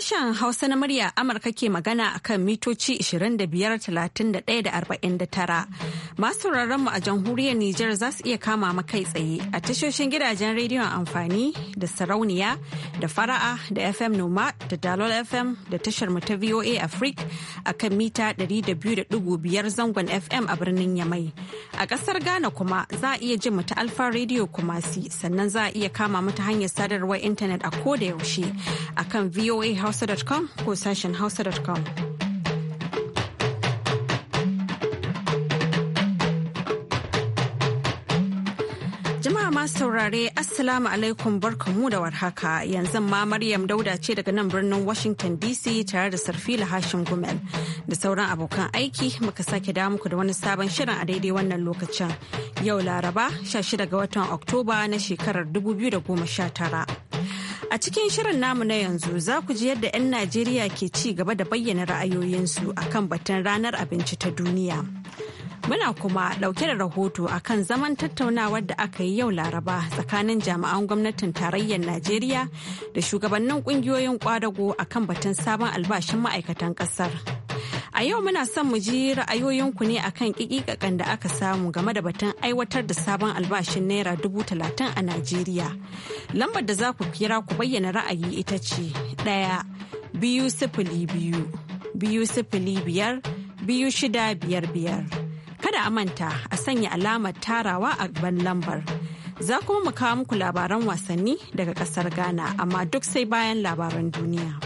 Sashen Hausa na murya Amurka ke magana a kan mitoci 25,31,49. Masu mu a jamhuriyar Nijar za su iya kama mu kai tsaye a tashoshin gidajen rediyon amfani da sarauniya da fara'a da FM Noma da Dalol FM da tashar ta VOA Africa a kan mita 200.5 zangon FM a birnin Yamai. A ƙasar Ghana kuma za a iya jin mu ta Alfa Radio Kumasi sannan za a iya kama mu hanyar sadarwar intanet a koda yaushe kan VOA hausa.com ko sashen hausa.com. Jama'a masu saurare Assalamu alaikum barkanmu da warhaka yanzu ma Maryam Dauda ce daga nan birnin Washington DC tare da Sarfila Hashim Gumel da sauran abokan aiki muka sake da muku da wani sabon shirin a daidai wannan lokacin. Yau Laraba 16 ga watan Oktoba na shekarar 2019. A cikin shirin namu na yanzu za ku ji yadda 'yan Najeriya ke ci gaba da bayyana ra'ayoyinsu a kan batun ranar abinci ta duniya. Muna kuma ɗauke da rahoto a kan zaman tattaunawar da aka yi yau Laraba tsakanin jami'an gwamnatin tarayyar Najeriya da shugabannin ƙungiyoyin ƙwadago kan batun sabon albashin ma'aikatan ƙasar. A yau muna son mu ji ra'ayoyinku ne akan kikikakan da aka samu game da batun aiwatar da sabon albashin naira dubu talatin a Najeriya. Lambar da za ku kira ku bayyana ra'ayi ita ce ɗaya biyu sifili biyu biyu sifili biyar biyu shida biyar biyar. Kada a manta a sanya alamar tarawa a gaban lambar. Za kuma mu kawo muku labaran wasanni daga ƙasar Ghana amma duk sai bayan labaran duniya.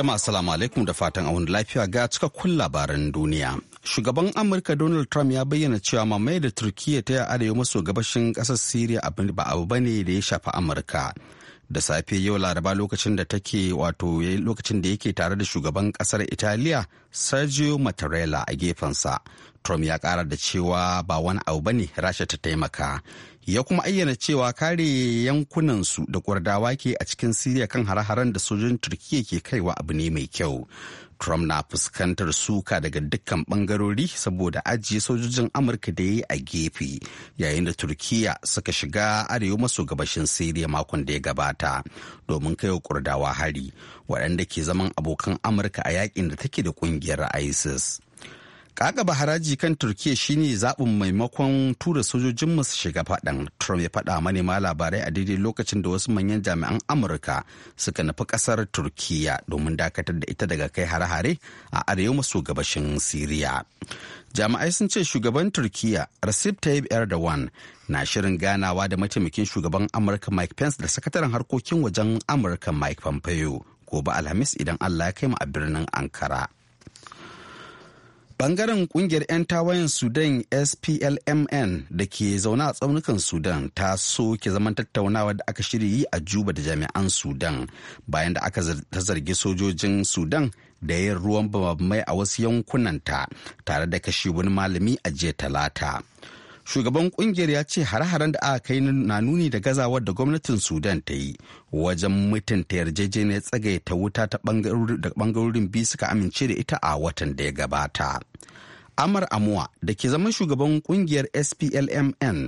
Jama'a salamu alaikum da fatan a wani lafiya ga cikakkun labaran duniya. Shugaban Amurka Donald Trump ya bayyana cewa mamaye da turkiya ta arewa maso gabashin kasar Siriya ba abu bane da ya shafi Amurka. Da safe yau Laraba lokacin da take wato lokacin da yake tare da shugaban ƙasar Italiya Sergio Mattarella a gefensa. Trump ya kara da cewa ba wani abu bane Rasha ta taimaka. ya kuma ayyana cewa kare yankunansu da kwardawa ke a cikin siriya kan hare-haren da sojojin turkiya ke kaiwa abu ne mai kyau trump na fuskantar suka daga dukkan bangarori saboda ajiye sojojin amurka da ya yi a gefe yayin da turkiya suka shiga arewa maso gabashin siriya makon da ya gabata domin kai kurdawa hari waɗanda ke zaman abokan amurka a yakin da take da ƙungiyar isis Ƙaƙaba haraji kan Turkiyya shine zaɓin maimakon tura sojojin su shiga faɗan. Trump ya faɗa manema labarai a daidai lokacin da wasu manyan jami'an Amurka suka nufi ƙasar Turkiyya domin dakatar da ita daga kai hare-hare a arewa maso gabashin Siriya. Jami'ai sun ce shugaban Turkiyya Recep Tayyip Erdogan na shirin ganawa da mataimakin shugaban Amurka Mike Pence da sakataren harkokin wajen Amurka Mike Pompeo gobe Alhamis idan Allah ya kai mu a birnin Ankara. Bangaren kungiyar 'yan tawayen Sudan SPLMN da ke zaune a tsaunukan Sudan ta soke zaman tattaunawa da aka shirya yi a Juba da jami'an Sudan bayan da aka ta zargi sojojin Sudan da yin ruwan babamai a wasu yankunanta tare da kashe wani malami a jiya talata. shugaban kungiyar ya ce har haren da aka kai na nuni da gazawar da gwamnatin sudan ta yi wajen mutunta yarjejeniyar ta wuta ta bangarorin biyu suka amince da ita a watan da ya gabata amar amuwa da ke zama shugaban kungiyar splmn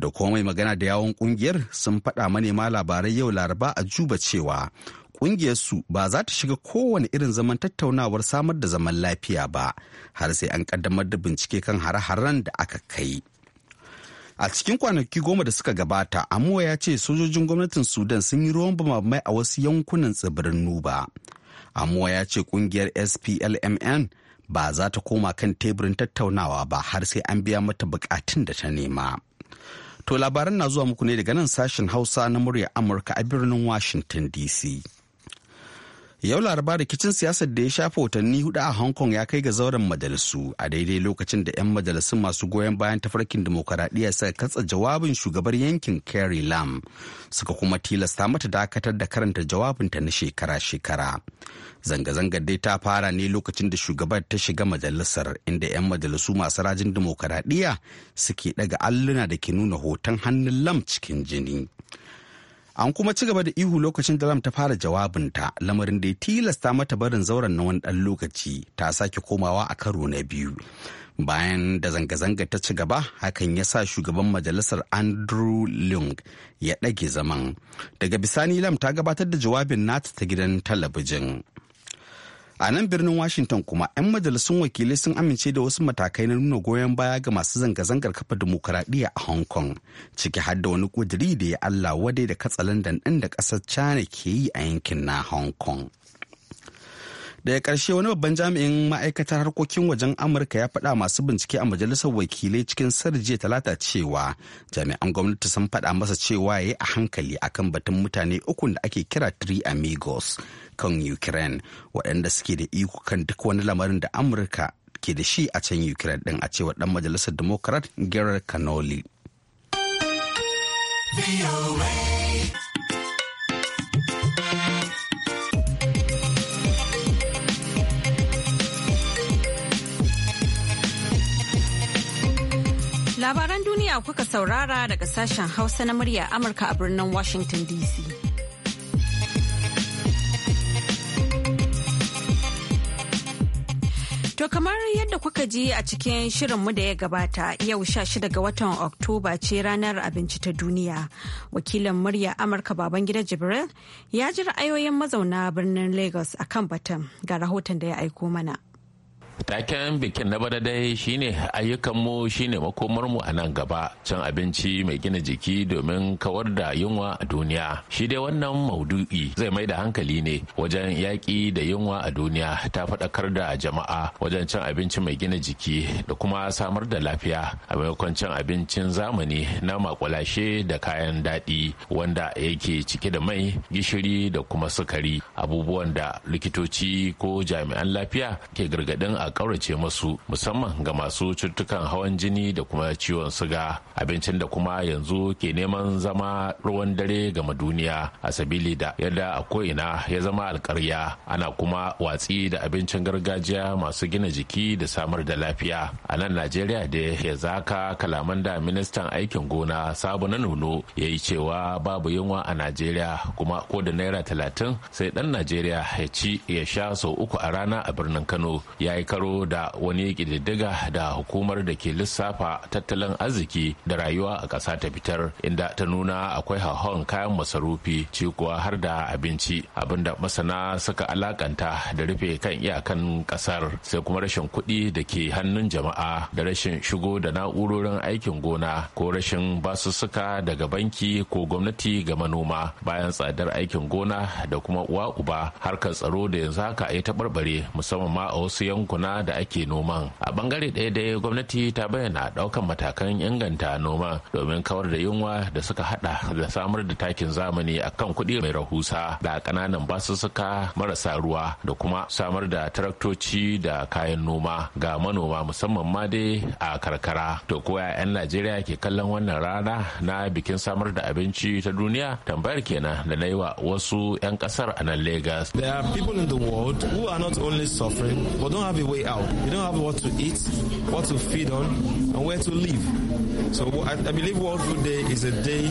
da kuma mai magana da yawon kungiyar sun faɗa manema labarai yau laraba a juba cewa kungiyarsu ba za ta shiga kowane irin zaman tattaunawar samar da zaman lafiya ba har sai an kaddamar da bincike kan hare-haren da aka kai. a cikin kwanaki goma da suka gabata amuwa ya ce sojojin gwamnatin sudan sun yi ruwan bamamai a wasu yankunan tsibirin nuba amuwa ya ce kungiyar splmn ba za ta koma kan teburin tattaunawa ba har sai an biya mata bukatun da ta nema to labaran na zuwa muku ne daga nan sashen hausa na murya amurka a birnin washington dc yau laraba rikicin siyasar da ya shafa watanni hudu a hong kong ya kai ga zauren majalisu a daidai lokacin da 'yan majalisun masu goyon bayan tafarkin demokaradiyya suka katsa jawabin shugabar yankin carrie lam suka kuma tilasta mata dakatar da karanta jawabinta na shekara-shekara zanga-zangar dai ta fara ne lokacin da shugabar ta shiga majalisar inda 'yan majalisu masu rajin demokaradiyya suke daga alluna da ke nuna hoton hannun lam cikin jini An kuma ci gaba da ihu lokacin da Lam ta fara jawabinta lamarin da ya tilasta mata barin zauren na wani ɗan lokaci ta sake komawa a karo na biyu. Bayan da zanga-zanga ta ci gaba hakan ya sa shugaban majalisar Andrew Leung ya ɗage zaman. Daga bisani Lam ta gabatar da jawabin nata ta gidan talabijin. a nan birnin washington kuma 'yan majalisun wakilai sun amince da wasu matakai na nuna goyon baya ga masu zanga-zangar kafa dimokuraɗiyya a hong kong ciki har da wani ƙudiri da ya allah wadai da katsalandan ɗin da ƙasar china ke yi a yankin na hong kong daga ƙarshe wani babban jami'in ma'aikatar harkokin wajen amurka ya faɗa masu bincike a majalisar wakilai cikin jiya talata cewa jami'an gwamnati sun faɗa masa cewa ya yi a hankali akan batun mutane ukun da ake kira three amigos kan ukraine waɗanda suke da iko kan duk wani lamarin da amurka ke da shi a can ukraine ɗin a cewa ɗan majalisar democrat gerard canoli. Labaran duniya kuka saurara daga sashen Hausa na murya Amurka a birnin Washington DC. To kamar yadda kuka ji a cikin shirin mu da ya gabata yau 16 ga watan Oktoba ce ranar abinci ta duniya. Wakilin murya Amurka Babangida Jibril ya ji ra'ayoyin mazauna birnin Lagos akan batun ga rahoton da ya aiko mana. taken bikin na bada dai shine ayyukanmu shine makomarmu a nan gaba cin abinci mai gina jiki domin kawar da yunwa a duniya shi dai wannan maudu'i zai mai da hankali ne wajen yaƙi da yunwa a duniya ta faɗakar da jama'a wajen cin abinci mai gina jiki da kuma samar da lafiya a maimakon cin abincin zamani na makulashe da kayan daɗi wanda yake cike da mai gishiri da kuma sukari abubuwan da likitoci ko jami'an lafiya ke gargaɗin a a ƙaurace masu musamman ga masu cututtukan hawan jini da kuma ciwon suga abincin da kuma yanzu ke neman zama ruwan dare ga maduniya a sabili da yadda a ko'ina ya zama alkarya ana kuma watsi da abincin gargajiya masu gina jiki da samar da lafiya a nan najeriya da ya zaka kalaman da ministan aikin gona sabu na nuno ya yi cewa babu yunwa a najeriya kuma ko da naira talatin sai dan najeriya ya ci ya sha sau uku a rana a birnin kano ya yi tsaro da wani ƙididdiga da hukumar da ke lissafa tattalin arziki da rayuwa a ƙasa ta fitar inda ta nuna akwai hauhawan kayan masarufi ci kuwa har da abinci abinda masana suka alakanta da rufe kan iyakan ƙasar sai kuma rashin kuɗi da ke hannun jama'a da rashin shigo da na'urorin aikin gona ko rashin basussuka daga banki ko gwamnati ga manoma bayan tsadar aikin gona da kuma uwa uba harkar tsaro da yanzu haka ya taɓarɓare musamman ma a wasu yankuna gona da ake noman a bangare ɗaya dai gwamnati ta bayyana ɗaukan matakan inganta noma domin kawar da yunwa da suka hada da samar da takin zamani akan kuɗi mai rahusa da ƙananan basussuka marasa ruwa da kuma samar da taraktoci da kayan noma ga manoma musamman ma dai a karkara to ko 'yan najeriya ke kallon wannan rana na bikin samar da abinci ta duniya tambayar kenan da na yi wa wasu 'yan kasar a nan lagos there are people in the world who are not only suffering but don't have a way way out. You don't have what to eat, what to feed on, and where to live. So I, I believe World Food Day is a day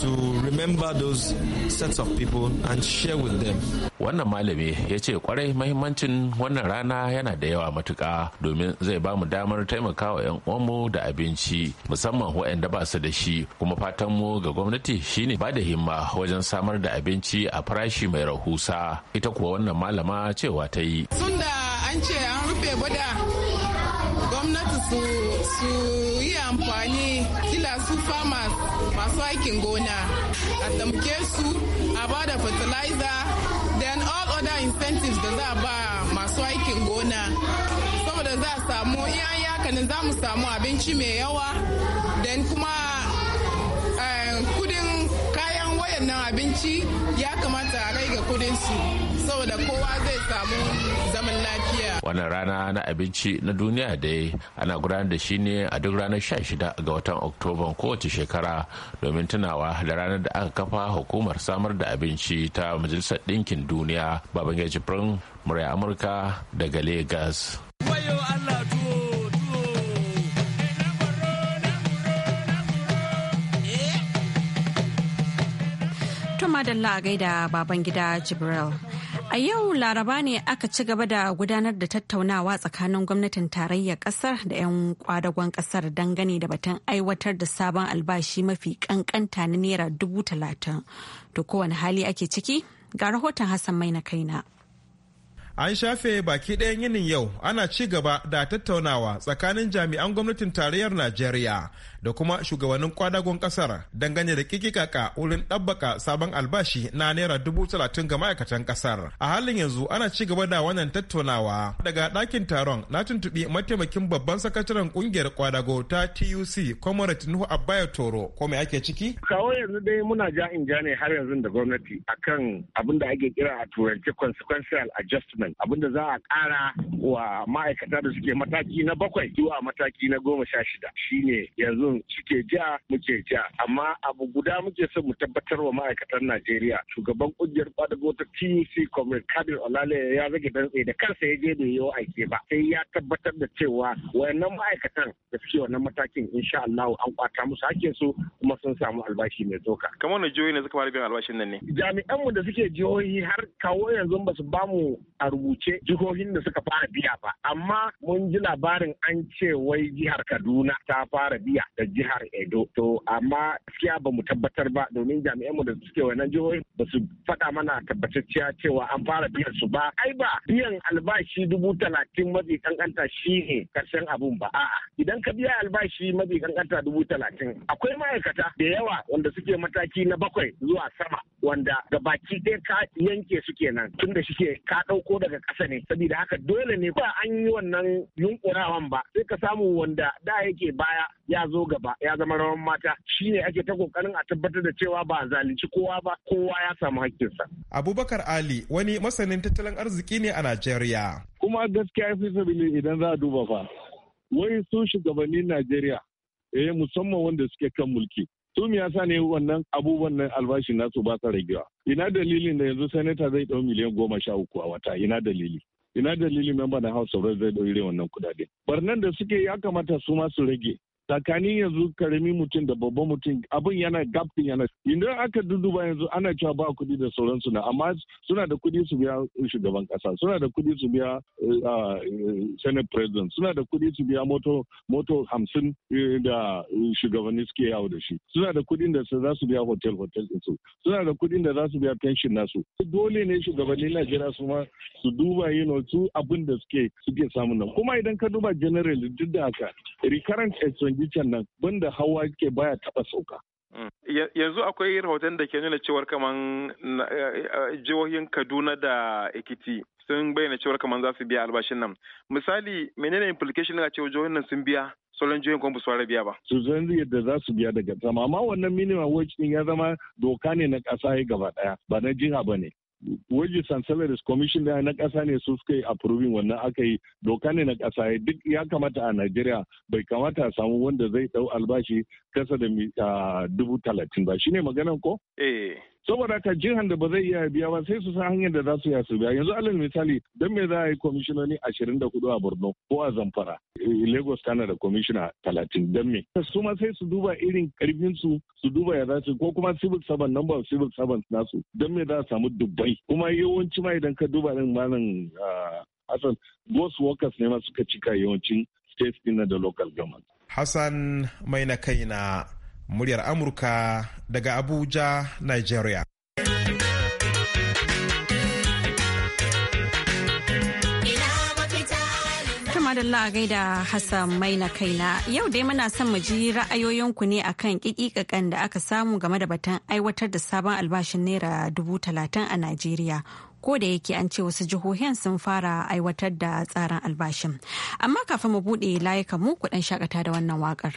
to remember those sets of people and share with them. Wannan malami ya ce kwarai mahimmancin wannan rana yana da yawa matuka domin zai ba mu damar taimakawa 'yan uwanmu da abinci musamman waɗanda ba su da shi kuma fatan mu ga gwamnati shine ba da himma wajen samar da abinci a farashi mai rahusa ita kuwa wannan malama cewa ta yi. sunda an ce an rufe bada gwamnati su yi amfani kila su farmers masu aikin gona a tamke su a ba da fertilizer then all other incentives da za a ba masu aikin gona saboda za a samu iyayen yakanin za mu samu abinci mai yawa then kuma waɗannan abinci ya kamata a rage kudin su saboda kowa zai samu zaman lafiya wannan rana na abinci na duniya dai ana gudanar da shi ne a duk ranar 16 ga watan oktoban kowace shekara domin tunawa da ranar da aka kafa hukumar samar da abinci ta majalisar ɗinkin duniya babangeji firin murya amurka daga lagos. madalla a gaida baban gida Jibril. A yau laraba ne aka ci gaba da gudanar da tattaunawa tsakanin gwamnatin tarayyar kasar da 'yan kwadagon kasar dangane da batun aiwatar da sabon albashi mafi kankanta na naira dubu talatin. To kowane hali ake ciki? Ga rahoton Hassan mai na kaina. An shafe baki ɗayan yinin yau ana ci gaba da tattaunawa tsakanin jami'an gwamnatin tarayyar Najeriya da kuma shugabannin kwadagon kasar dangane da ka wurin ɗabbaka sabon albashi na naira dubu talatin ga ma'aikatan kasar a halin yanzu ana ci gaba da wannan tattaunawa daga dakin taron na tuntuɓi mataimakin babban sakataren ƙungiyar kwadago ta tuc comrade nuhu abaya toro ko mai ake ciki kawo yanzu dai muna ja in ja ne har yanzu da gwamnati akan abin da ake kira a turance consequential adjustment abin da za a ƙara wa ma'aikata da suke mataki na bakwai zuwa mataki na goma sha shida shine yanzu irin suke ja muke ja amma abu guda muke son mu tabbatar wa ma'aikatan Najeriya shugaban kungiyar kwadago ta TUC Comrade Kadir Olale ya rage dantse da kansa ya je bai yi aiki ba sai ya tabbatar da cewa wayannan ma'aikatan da suke wannan matakin insha Allah an kwata musu hakkin su kuma sun samu albashi mai doka. kamar na jihohi ne suka fara biyan albashin nan ne jami'an mu da suke jihohi har kawo yanzu ba su ba mu a rubuce jihohin da suka fara biya ba amma mun ji labarin an ce wai jihar Kaduna ta fara biya da jihar Edo. To amma gaskiya ba mu tabbatar ba domin jami'an mu da suke wannan jihohi ba su faɗa mana tabbatacciya cewa an fara biyan su ba. Ai ba biyan albashi dubu talatin mafi kankanta shi ne karshen abun ba. A'a idan ka biya albashi mafi kankanta dubu talatin akwai ma'aikata da yawa wanda suke mataki na bakwai zuwa sama wanda baki ɗaya ka yanke su kenan tun da shike ka ɗauko daga ƙasa ne saboda haka dole ne ba an yi wannan yunkurawan ba sai ka samu wanda da yake baya ya zo gaba ya zama rawan mata shine ake ta kokarin a tabbatar da cewa ba zalunci kowa ba kowa ya samu hakkinsa. Abubakar Ali wani masanin tattalin arziki ne a Najeriya. Kuma gaskiya ya fi sabili idan za a duba fa. Wai su shugabannin Najeriya eh musamman wanda suke kan mulki. Su me yasa ne wannan abubuwan nan albashi nasu ba sa ragewa. Ina dalilin da yanzu sanata zai dau miliyan goma sha uku a wata ina dalili. Ina dalilin memba na House of zai ɗau irin wannan kuɗaɗe. Barnan da suke ya kamata su ma su rage. tsakanin yanzu karami mutum da babban mutum abin yana gap din yana idan aka duduba yanzu ana cewa ba kuɗi da sauransu na amma suna da kuɗi su biya shugaban kasa suna da kuɗi su biya eh, ah, eh, senate president suna da kuɗi su biya moto moto hamsin eh, da shugabanni suke yawo da shi suna da kuɗin da za su biya hotel hotel su suna da kuɗin da za su biya pension nasu dole ne shugabannin Najeriya su ma su duba yin su abin da suke suke samun nan kuma idan ka duba generally duk da haka recurrent bikin nan banda hawa ke baya taba sauka mm. yanzu akwai rahoton da ke nuna cewar kaman eh, eh, jihohin kaduna da ekiti sun bayyana cewar kaman za su biya albashin nan misali menene implication na cewa jihohin nan sun biya sauran jihohin kuma su biya ba su san yadda za su biya daga sama amma wannan minimum wage ya zama doka ne na kasa ya gaba daya ba na jiha ba ne wages and salaries commission da na kasa ne su suka yi approving wannan aka yi doka ne na kasa eh, duk ya kamata a Najeriya bai kamata a samu wanda zai dau albashi kasa da ah, dubu talatin ba shine maganan ko? Eh. saboda ka jihar da ba zai iya biya ba sai su san hanyar da za su iya su biya yanzu alal misali dan me za a yi kwamishinoni ashirin da hudu a borno ko a zamfara eh, lagos tana da kwamishina talatin don me su ma sai su duba irin karfin su su duba ya za ko kuma civil servant number of civil servants nasu dan me za a samu dubbai kuma yawanci ma idan ka duba din malam ah, hassan boss workers ne ma suka cika yawancin state na da local government hassan mai na kaina muryar amurka daga abuja nigeria madalla a gaida Hassan mai na kaina yau dai muna son mu ji ra'ayoyinku ne akan kikikakan da aka samu game da batun aiwatar da sabon albashin naira dubu talatin a Najeriya ko da yake an ce wasu jihohin sun fara aiwatar da tsarin albashin amma kafin mu buɗe layukan mu kuɗin shakata da wannan wakar.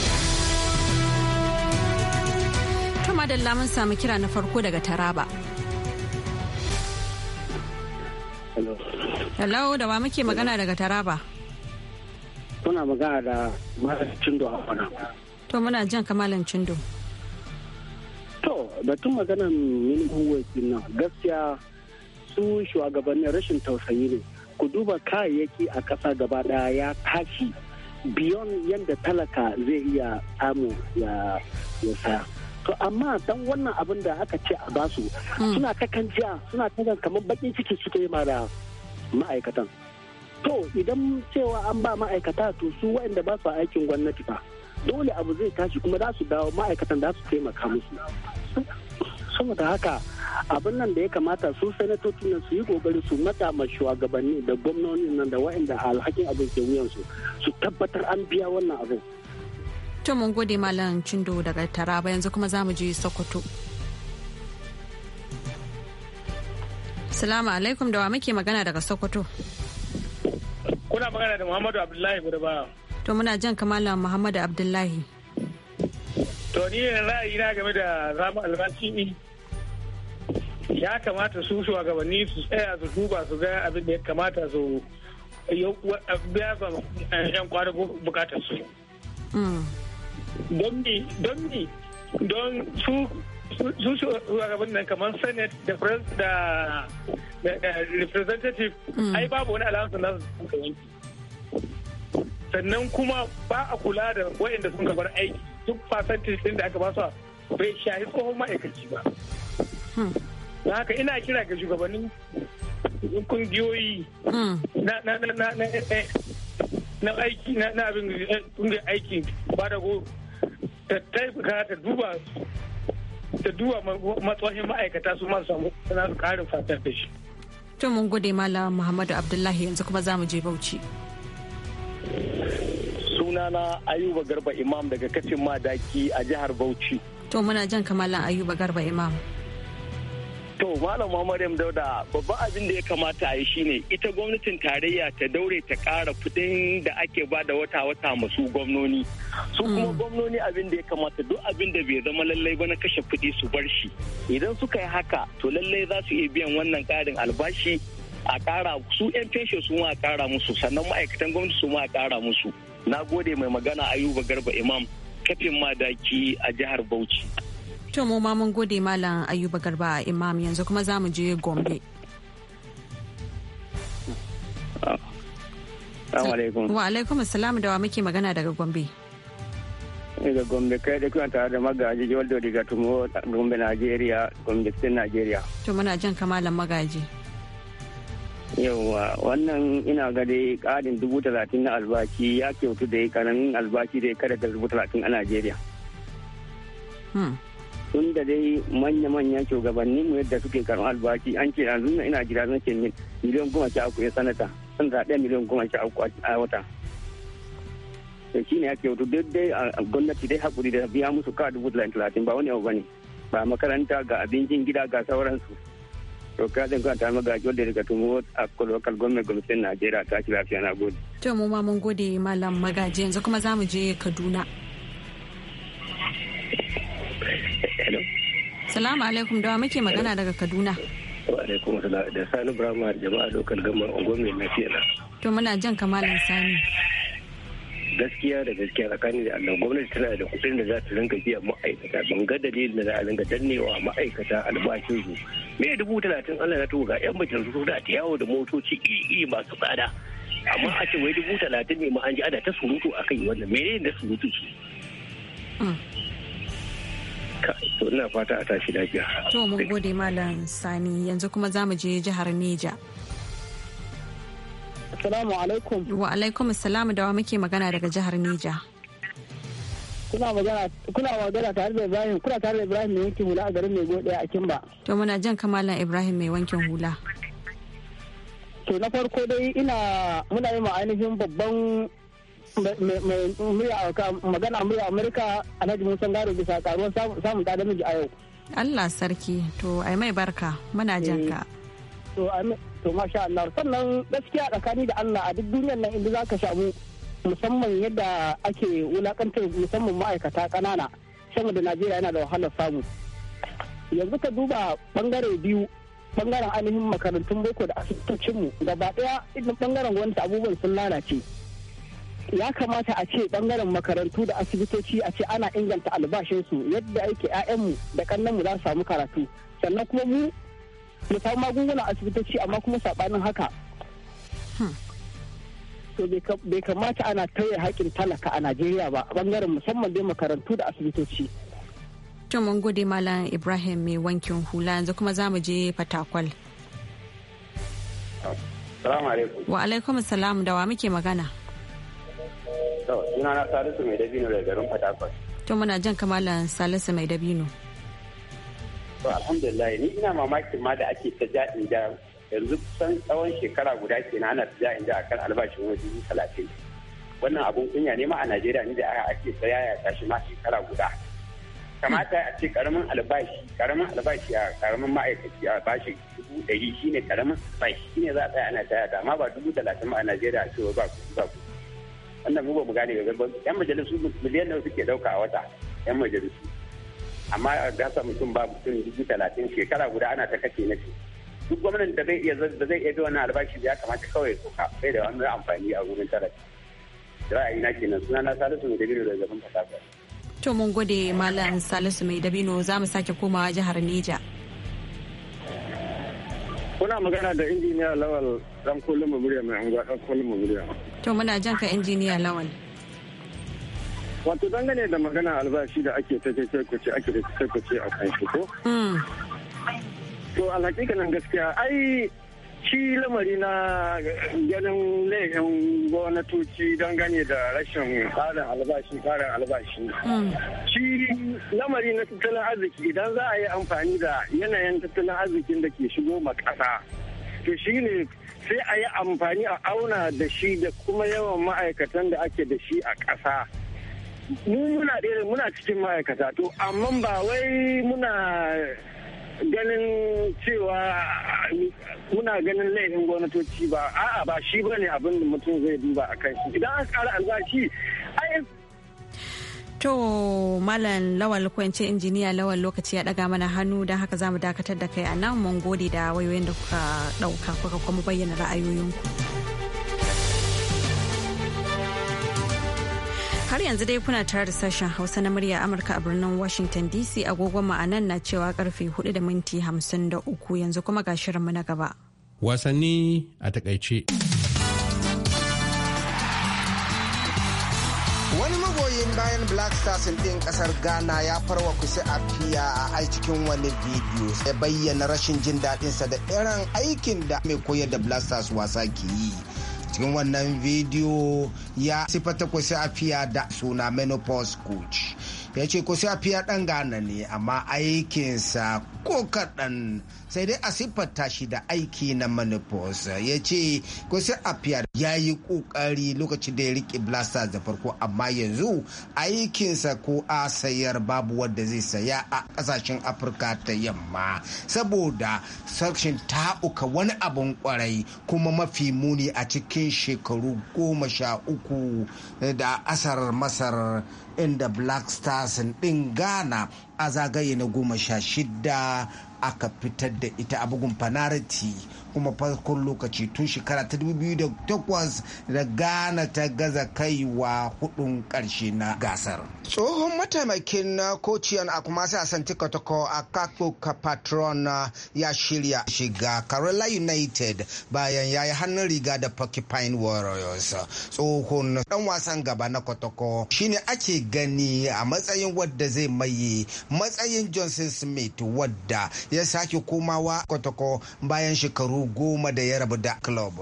madalla mun samu kira na farko daga Taraba. Hello, da wa muke magana daga Taraba? Kuna magana da Malam Cindo a kwana. To muna jan ka malam Cindo. To, batun maganan minimum wage nan gaskiya su shugabannin rashin tausayi ne. Ku duba kayayyaki a ƙasa gaba ɗaya ya tashi beyond yadda talaka zai iya samu ya saya. to amma dan wannan abin da aka ce a basu hmm. suna ta suna ta kamar bakin ciki suka yi da ma'aikatan to idan cewa an ba ma'aikata to su waɗanda ba su aikin gwamnati ba dole abu zai tashi kuma za su dawo ma'aikatan za su taimaka musu saboda haka abin nan da ya kamata su sanatoci nan su yi kokari su mata ma shugabanni da gwamnoni nan da waɗanda alhakin abin ke su su tabbatar an biya wannan abin To mun gode Malam Cindo daga Taraba yanzu kuma za mu je Sokoto. Salamu alaikum da wa muke magana daga Sokoto. Kuna magana da Muhammadu Abdullahi Gudaba. To muna jan kamalan Muhammadu Abdullahi. To ni yin ra'ayi na game da zama albashi ya kamata su shugabanni su tsaya su duba su ga abin da ya kamata su biya ba 'yan kwada bukatar su. Mm. don mi don mi don su su shugaban nan kamar senate da da representative mm. ai babu wani alamu na sannan kuma ba a kula da waɗanda sun gabar aiki duk fasantin din da aka ba su bai shahi tsohon ma'aikaci ba hmm. na haka ina kira ga shugabannin kungiyoyi hmm. na na na na na aiki na abin eh, aiki ba da ta taimaka ta duba ta duba matsohin ma'aikata su masu samu na su karin fatar da shi. To mun gode Malam Muhammadu Abdullahi yanzu kuma za mu je Bauchi. Sunana Ayuba Garba Imam daga Kacin Madaki a jihar Bauchi. To muna jan kamalan Ayuba Garba Imam. To malam Maryam Dauda babban abin da ya kamata a yi shine ita gwamnatin tarayya ta daure ta kara kuɗin da ake ba da wata-wata masu gwamnoni. Su kuma mm. gwamnoni abin da ya kamata duk abin da bai zama lallai ba na kashe kuɗi su bar shi. Idan suka yi haka to lallai za su iya biyan wannan karin albashi a kara su 'yan fenshin su ma a kara musu sannan ma'aikatan gwamnati su ma a kara musu. Na gode mai magana Ayuba Garba Imam kafin madaki a jihar Bauchi. To mu ma mun gode Malam Ayuba Garba Imam yanzu kuma za mu je Gombe. Wa alaikum assalam da wa muke magana daga Gombe. Daga Gombe kai da kuma tare da magaji Joldo daga Tumo Gombe Nigeria Gombe State Nigeria. To muna jan kamalan magaji. Yawwa wannan ina ga dai ƙarin dubu talatin na albashi ya kyautu da karamin albashi da ya kada da dubu talatin a Najeriya. Hmm. tun da dai manya-manyan shugabannin mu yadda suke karɓar albashi an ce yanzu na ina jira zan ce miliyan goma sha uku ya sanata sun zaɓe miliyan goma sha uku a wata da shi ne ake wato duk dai a gwamnati dai haƙuri da biya musu ka dubu talatin ba wani abu bane ba makaranta ga abincin gida ga sauransu to ka zan kwanta maga da daga tumo a local gwamnati gwamnatin najeriya ta ci lafiya na gode. to mu ma mun gode malam magaji yanzu kuma za mu je kaduna. Salamu alaikum da muke magana daga Kaduna. Wa alaikum salam da Sani Brahma jama'a lokal gama unguwar na lafiya na. To muna jan kamalin Sani. Gaskiya da gaskiya tsakanin da Allah gwamnati tana da kudin da za ta rinka biya ma'aikata ban ga dalilin da za a rinka dannewa ma'aikata albashin su. Me dubu talatin Allah na tuka yan bacin su da ta yawo da motoci iri-iri masu tsada. Amma a ce wai dubu talatin ne ma an ji ana ta surutu a kai wannan menene da surutu ce. Mm. to ina fata a tashi lafiya to mu gode malam sani yanzu kuma za mu je jihar neja assalamu alaikum wa alaikum assalam da wa muke magana daga jihar neja kuna magana kuna magana tare da Ibrahim kuna tare da Ibrahim mai wankin hula a garin mai daya a Kimba to muna jan kamalan Ibrahim mai wankin hula to na farko dai ina muna yi ma ainihin babban magana murya amurka alhaji musa gari bisa karuwar samun da miji a yau allah sarki to ai mai barka muna eh, jan to masha allah sannan gaskiya tsakani da allah a duk duniyar nan inda za ka shamu musamman yadda ake wulakantar musamman ma'aikata kanana sama da najeriya yana da wahalar samu yanzu ka duba bangare biyu bangaren ainihin makarantun boko da asibitocinmu gaba daya idan bangaren gwamnati abubuwan sun lalace ya kamata a ce bangaren makarantu da asibitoci a ce ana inganta albashinsu yadda ake 'ya'yanmu da mu za su samu karatu sannan kuma mu mu samu magungunan asibitoci amma kuma saɓanin haka hmm. to bai kamata ana tauye haƙƙin talaka a najeriya ba bangaren musamman dai makarantu da asibitoci to mun gode malam ibrahim mai wankin hula yanzu kuma za mu je fatakwal wa alaikum salam da wa muke magana suna na salisu mai dabino daga garin fatakwal to muna jan kamala salisu mai dabino to alhamdulillah ni ina mamakin ma da ake ta ja in yanzu kusan tsawon shekara guda ke na ana ja in ja akan albashin wajen talatin wannan abun kunya ne ma a najeriya ni da ake yaya ta shi ma shekara guda kamata a ce karamin albashi karamin albashi a karamin ma'aikaci a bashi dubu ɗari shine karamin albashi shine za a tsaya ana taya da amma ba dubu talatin ma a najeriya a ce ba ku ba wannan mu ba mu gane ga yan majalisu miliyan nawa suke dauka a wata yan majalisu amma a gasa mutum ba mutum dubu talatin shekara guda ana ta kace na duk gwamnan da zai iya da zai iya wannan albashi ya kamata kawai suka bai da wani amfani a gurin talaka ra'ayina na kenan suna na salisu mai dabino da zaman fasaka to mun gode malam salisu mai dabino za mu sake komawa jihar neja kuna magana da injiniya lawal dan kullum murya mai unguwa dan kullum murya to muna jan ka injiniya lawal wato dangane da magana albashi da ake ta ce kuce ake da ce a kan shi ko mm. to alhakikanin gaskiya ai shi lamari na ganin laifin gwamnatoci dangane da rashin tsarin albashi tsarin albashi mm. shi lamari na tattalin arziki idan za a yi amfani da yanayin tattalin arzikin da ke shigo ma makasa to shi ne sai a yi amfani a auna da shi da kuma yawan ma'aikatan da ake da shi a ƙasa mu muna ɗaya muna cikin ma'aikata to amma ba wai muna ganin cewa muna ganin laifin gwamnatoci ba a'a ba shi ba ne abin da mutum zai duba a kan shi idan aka ƙara albashi To Malam Lawal ko ce injiniya Lawal lokaci ya daga mana hannu don haka za mu dakatar da kai a nan mun gode da wayoyin da kuka dauka kuka kuma bayyana ra'ayoyinku. Har yanzu dai kuna tare da sashen Hausa na murya Amurka a birnin Washington DC agogon ma'anan na cewa karfe 4 da minti 53 yanzu kuma ga shirinmu na gaba. Wasanni a takaice. black stars din kasar ghana ya farwa kusa a fiya a cikin wani bidiyo ya bayyana rashin jin daɗinsa da irin aikin da mai koyar da black wasa ke yi cikin wannan bidiyo ya sifata kusa a fiya da suna menopause coach ya ce kusa a fiya ɗan ghana ne amma aikinsa ko kaɗan sai dai a siffata shi da aiki na manufos ya ce a fiyar ya yi ƙoƙari lokacin da ya riƙe blaster da farko amma yanzu aikinsa ko a sayar babu wanda zai saya a ƙasashen afirka ta yamma saboda sarshin ta wani abin ƙwarai kuma mafi muni a cikin shekaru goma sha uku da asarar masar inda black stars ɗin ghana a zagaye na goma sha shida aka fitar da ita a bugun fanarati kuma farkon lokaci tun shekara ta 2008 da gana ta gaza kaiwa hudun karshe na gasar tsohon mataimakin uh, kociyan a kuma sai asanti kotoko a kakuka patron uh, ya shirya shiga karela united bayan ya yi hannun riga da porcupine warriors tsohon dan wasan gaba na kotoko shine ake gani a matsayin wadda zai maye matsayin johnson smith wadda ya sake komawa kotoko bayan shekaru shekaru goma da ya rabu da club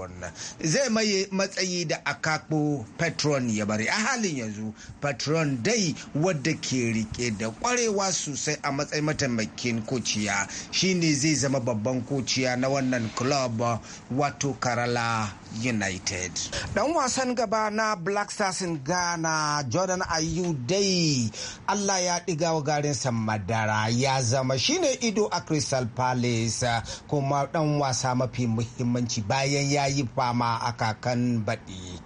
zai maye matsayi da akakpo patron ya bari a halin yanzu patron dai wadda ke rike da kwarewa sosai a matsayin mataimakin kociya shine zai zama babban kociya na wannan club wato karala united dan wasan gaba na black stars in ghana jordan ayu dai allah ya ɗiga wa garinsa madara ya zama shine ido a crystal palace kuma dan wasa mafi muhimmanci bayan ya yi fama a kakan baɗi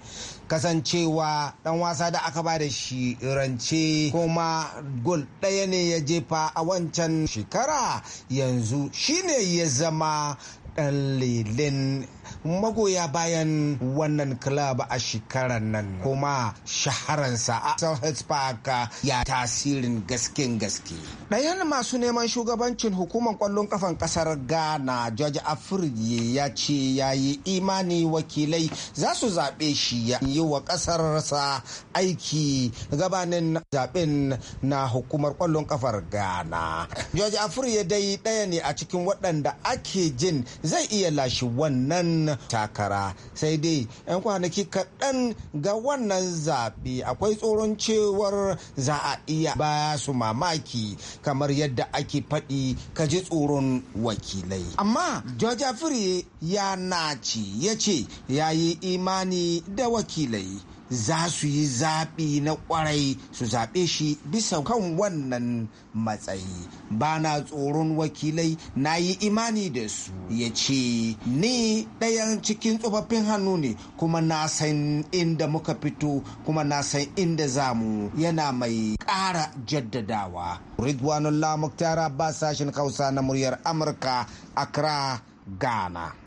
kasancewa dan wasa da aka ba da shi rance kuma gol ɗaya ne ya jefa a wancan shekara yanzu shine ya zama ɗan lilin magoya bayan wannan club a shekarar nan kuma shaharansa a South Park ya tasirin gasken gaske. Ɗayan masu neman shugabancin hukumar kwallon kafan ƙasar Ghana George Afridi ya ce ya yi imani wakilai za su zaɓe shi ya yi wa ƙasarsa aiki gabanin zaɓen na hukumar kwallon kafar Ghana. George Afridi dai ɗaya ne a cikin waɗanda ake jin zai iya lashe wannan takara sai dai 'yan kwanaki kaɗan ga wannan zaɓe akwai tsoron cewar za a iya ba su mamaki kamar yadda ake faɗi ka ji tsoron wakilai amma georgia fure ya naci ya ce ya yi imani da wakilai za su yi zaɓi na ƙwarai su zaɓe shi bisa kan wannan matsayi ba na tsoron wakilai na yi imani da su ya ce ni ɗayan cikin tsofaffin hannu ne kuma na san inda muka fito kuma na san inda zamu yana mai ƙara jaddadawa ridwanullah muktar abbas sashen hausa na muryar amurka accra ghana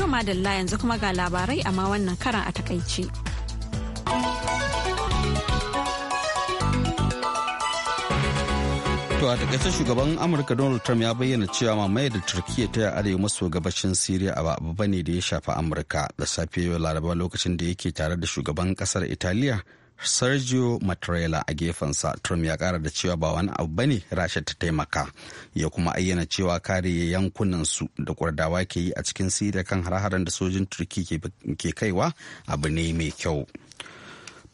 To madalla yanzu kuma ga labarai amma wannan karan a takaice. To a takaice shugaban Amurka Donald Trump ya bayyana cewa mamaye da Turkiyya ta arewa maso gabashin Siriya a abu bane da ya shafi Amurka da safe yau Laraba lokacin da yake tare da shugaban kasar Italiya sergio matarela a gefensa trump ya kara da cewa ba wani abu bane rasha ta taimaka ya kuma ayyana cewa kare yankunan su da kurdawa ke yi a cikin siriya kan har-haren da sojin turki ke kaiwa abu ne mai kyau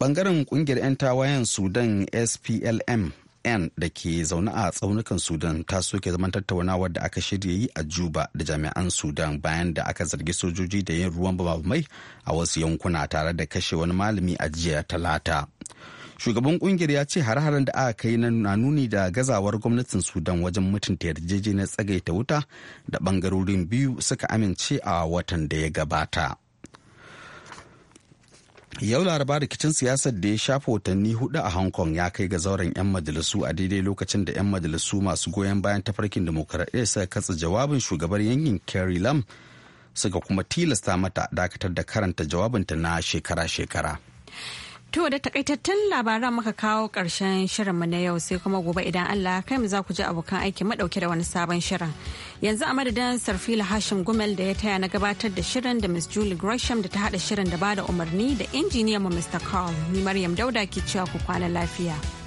bangaren kungiyar 'yan tawayen sudan splm un da ke zaune a tsaunukan sudan ta soke zaman tattaunawar da aka shirya yi a juba da jami'an sudan bayan da aka zargi sojoji da yin ruwan mai a wasu yankuna tare da kashe wani malami a jiya talata shugaban kungiyar ya ce har-haren da aka kai na nuni da gazawar gwamnatin sudan wajen mutunta yarjejeniyar tsagaita wuta da bangarorin biyu suka amince a watan da ya gabata yau laraba rikicin siyasar da ya shafa watanni hudu a hong kong ya kai ga zauren 'yan majalisu a daidai lokacin da 'yan majalisu masu goyon bayan tafarkin demokaradiyya suka katse jawabin shugabar yankin carrie lam suka kuma tilasta mata dakatar da karanta jawabinta na shekara-shekara To da takaitattun labaran muka kawo ƙarshen mu na yau sai kuma gobe idan Allah kai mu za ku ji abokan aiki madauke da wani sabon shirin. Yanzu a madadin Sarfila Hashim Gumel da ya taya na gabatar da shirin da Miss Julie Gresham da ta hada shirin da ba da umarni da injiniyan mu Mr. Carl ni Maryam Dauda ke cewa ku kwana lafiya.